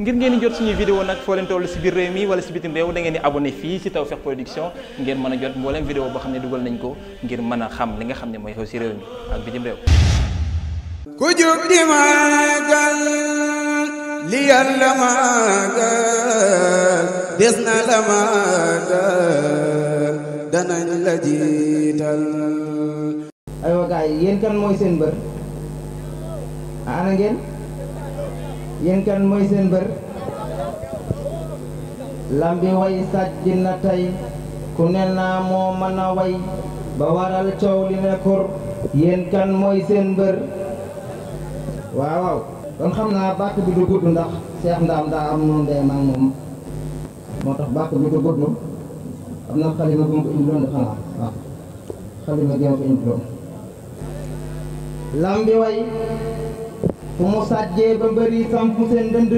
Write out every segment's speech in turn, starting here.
ngir ngeen di jot suñuy vidéo nag foo leen si biir réew mi wala si bitim réew da ngeen di abonné fii si Tawfekh Production ngeen mën a jot mbooleem vidéo boo xam ne dugal nañ ko ngir mën a xam li nga xam ne mooy xew si réew mi ak bitim réew ku jóg di maagal des na la maagal danañ la jiital aywa gaay yéen kan mooy seen bër ana ngeen yéen kan mooy seen bër lambi way sàcc na tey ku ne naa moo mën a way ba waral coow li ne kur yéen kan mooy seen mbër waaw waaw kon xam naa bàkk bi du gudd ndax Cheikh Ndaam daa am noonu dee maag moom moo tax bàkk bi du gudd am na xalima bu ma ko indiloon di xanaa waaw xalima bi ma ko indiloon lambi way fu mu sàjjee ba mbëri samp seen ndënd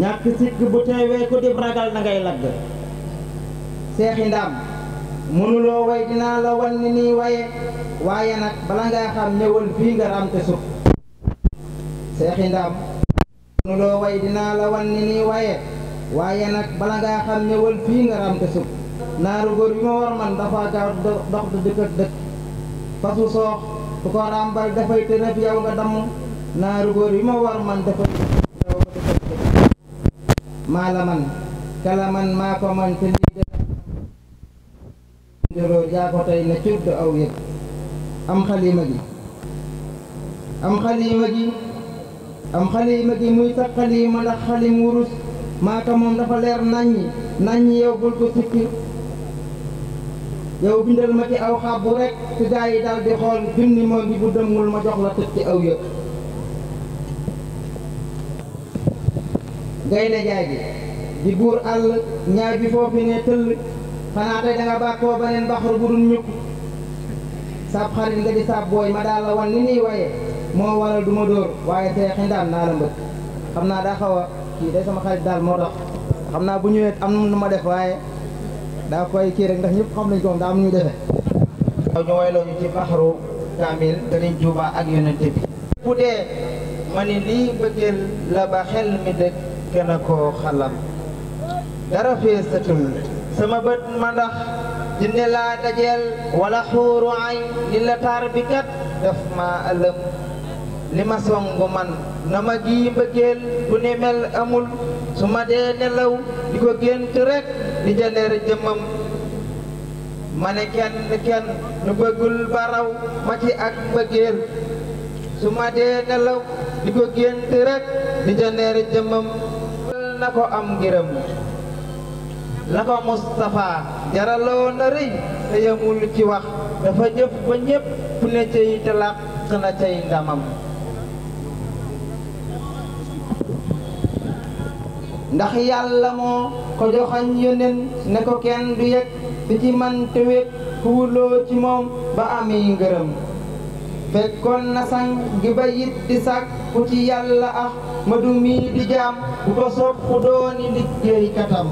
ñàkk sikk bu teewee ko dib ragal na lagg seexi ndaam mënuloo way dinaa la wan ni nii waye waaye nag bala ngaa xam ñëwal fii la wan ni waaye nag bala ngaa xam ñëwal fii nga ramte sut naaru góor bi ma war man dafa gaaw dox du dëkk dëkk fasu soox bu ko ràmbal dafay tënëf yow nga damm naaru góor yi ma war man dafa dafa maa la man kala man maa ko man te lii de njoroo jaa ko tey aw yëg am xalima gi am xalima gi am xalima gi muy sax xalima ndax xalim wurus maa ko moom dafa leer naññi naññi yow bul ko sikki yow bindal ma ci aw xàbbu rek su gaa yi daal di xool junni moo ngi bu dëmmul ma jox la tëj ci aw yëg gaynde jaay gi di buur àll ñaay bi foofu ne tëll xanaa tey da nga bàkkoo beneen baxar bu dul ñukk sab xarit nga di sab booy ma daal la wan ni nii waye moo waral du ma dóor waaye tey xindaan naa la xam naa daa xaw a kii day sama xarit daal moo tax xam naa bu ñëwee am nu ma def waaye daa koy kii ndax ñëpp xam nañ ñu defe waaw ñu wayloo ñu ci baxaru kaamil danañ juubaa ak yonente bi bu dee ma ni lii bëggeel la ba xel mi dëkk gën a koo xalam dara feesatul sama bët ma ndax jinne laa dajeel xuuru ay li la bi kat daf ma ëlëm li ma songu man na ma ji mbëggeel bu ne amul su ma dee nelaw di ko gént rek di janeer jëmmam ma ne kenn kenn nu bëggul baraw ma ci ak mbëggeel su ma dee nelaw di ko gént rek di janeer jëmmam jaral ko am ngërëm la ko Moustapha jaraloo na rëy te yemul ci wax dafa jëf ba ñépp ne cay te làq na cay ndamam ndax yàlla moo ko joxañ yóneen ne ko kenn du yegg di ci man te wéet ku wuloo ci moom ba amee ngërëm fekkoon na sang gi ba yit di sàkku ci yàlla ah madu mii di jaam bu ko soppu dooni liggéeykatam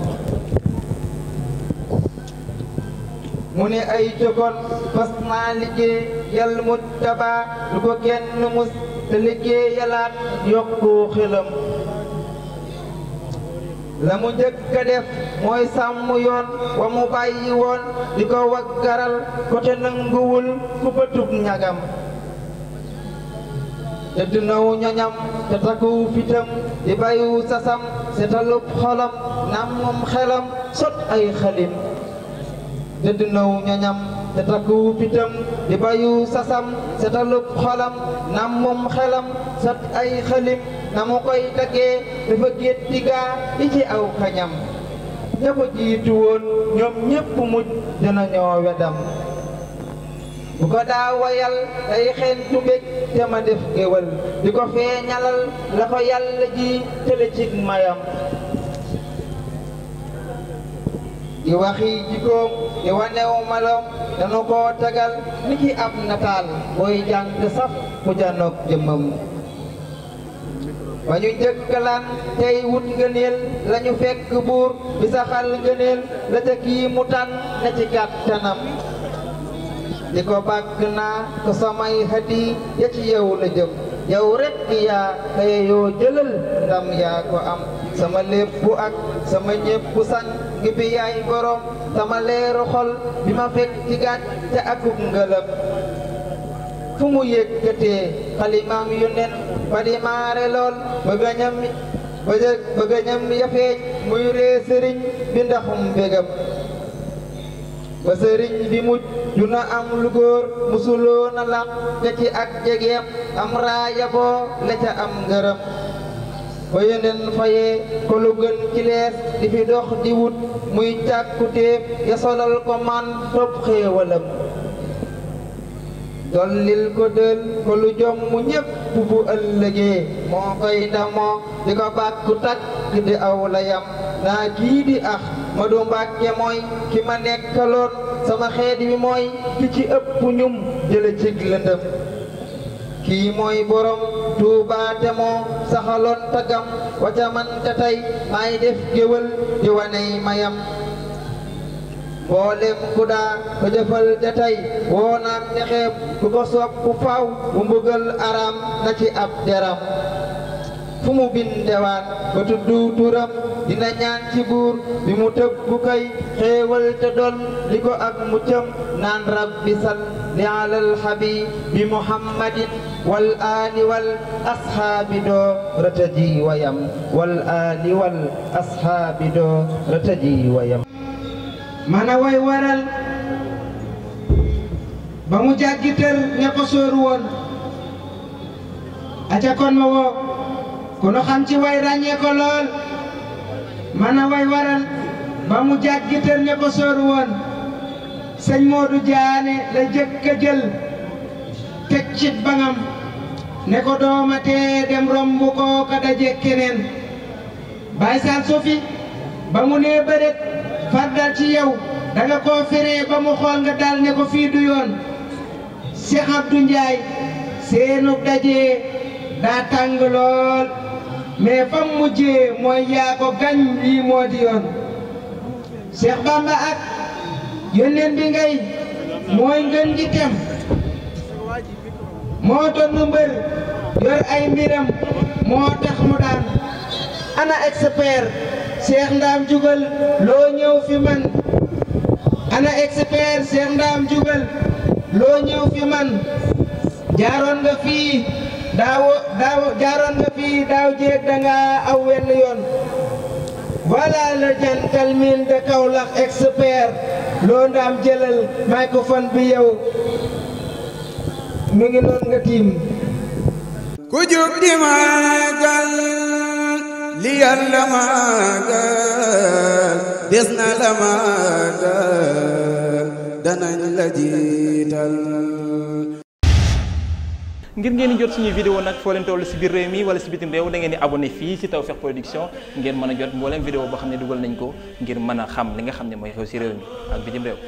mu ne ay cogon fas naa liggéey yàlla yalaat yokku xelam la mu njëkk def mooy sàmm yoon wa mu bàyyi woon di ko waggaral ko te nanguwul ku bëtub ñagam te dunawu ñoñam te takkuwu fitam di bàyyiwu sasam setalub xolam nammum xelam sot ay xalim te dunawu ñoñam te takkuwu fitam di bàyyiwu sasam setalub xolam nammum xelam sot ay xalim na mu koy taggee dafa géet diggaa di ci aw kañam ña ko jiitu woon ñoom ñépp mujj dina ñoo bu ko daa woyal day xentu bég te ma def géwal di ko feeñalal la ko yàlla ji tële cig mayam waxi jikkoom di wanew malom danu koo tagal ni ki am nataal booy jàng saf mu janoog jëmmam ba ñu jëkkalan tey wut ngëneel la ñu fekk buur bi saxal ngëneel la ca kii mu tànn na ci kàttanam di ko bàgg naa ko samay hadi ya ci yow la jëm yow rek yaa xëye yoo jëlal ndam yaa ko am sama lépp ak sama ñépp san ngi borom sama leeru xol bi ma fekk ci gàtt te ngëlëb fu mu yëkkatee xalimaam yu nen ba di maare lool bëgga ñam bëgga muy ree sëriñ bi ndaxum bégam ba sëriñ bi mujj ju na am lu góor musuloo na làq te ci ak jegeem am raaya boo la ca am ngërëm ba yeneen fayee ko gën ci lees di fi dox di wut muy càkkutéef ya solal ko man topp xéewalam dollil ko del ko lu jomm ñépp bu ëllëgee moo koy ndamoo di ko bàkku takk di aw la yam naa kii di ax Madu Mbàkke mooy ki ma nekkaloon sama xeet bi mooy ki ci ëpp ñum jële cig lëndëm kii mooy borom tuubaate moo saxaloon tagam waca man te tey maay def géwël di waney mayam mboolem ku daa ko jëfal ja tey woo naam nexeem ku ko soob ku faw mu mbugal araam na ci ab deram fu mu bindewaat ba tudd turam dina ñaan ci buur bi mu tëb bu koy xéewal te doon li ko ak muccam naan rabbi sal li alal habibi muhammadin wal aali wal ashaabi doo rataji wayam wal aali wal ashaabi doo rataji wayam mana way waral ba mu jàggi tër ña ko sóoru woon aca kon ma woo ku xam ci way ràññee ko lool mana way waral ba mu jàggi tër ña ko sóoru woon sëñ Modou Diané la jëkk a jël teg ci bangam ne ko doomatee dem romb koo ka daje keneen Baye Sall Sofi ba mu nee bëreet dal ci yow da koo feree ba mu xool nga dal ne ko fii du yoon Cheikh Abdou Ndiaye seenug dajee daa tàng lool mais fam mujjee mooy yaa ko gañ lii moo di yoon Cheikh Bamba ak yónneen bi ngay mooy ngën gi moo doon mbër yor ay mbiram moo tax mu daan ana expert Cheikh Ndaam jugal loo ñëw fi man ana expert Cheikh Ndaam jugal loo ñëw fi man jaaroon nga fii daaw jéeg da aw wenn yoon voilà le gentleman de Kaolack expert loo Ndaam jëlal microphone bi yow mi ngi noon nga tiim ku jub di maagal li yàlla màggal des na la màggal danañ la jiital ngir ngeen di jot suñuy vidéo nag foo leen toll si biir réew mi wala si bitim réew da ngeen di abonné fii si Tawfekh Production ngeen mën a jot mbooleem vidéo boo xam ne dugal nañ ko ngir mën a xam li nga xam ne mooy xew si réew mi ak bitim réew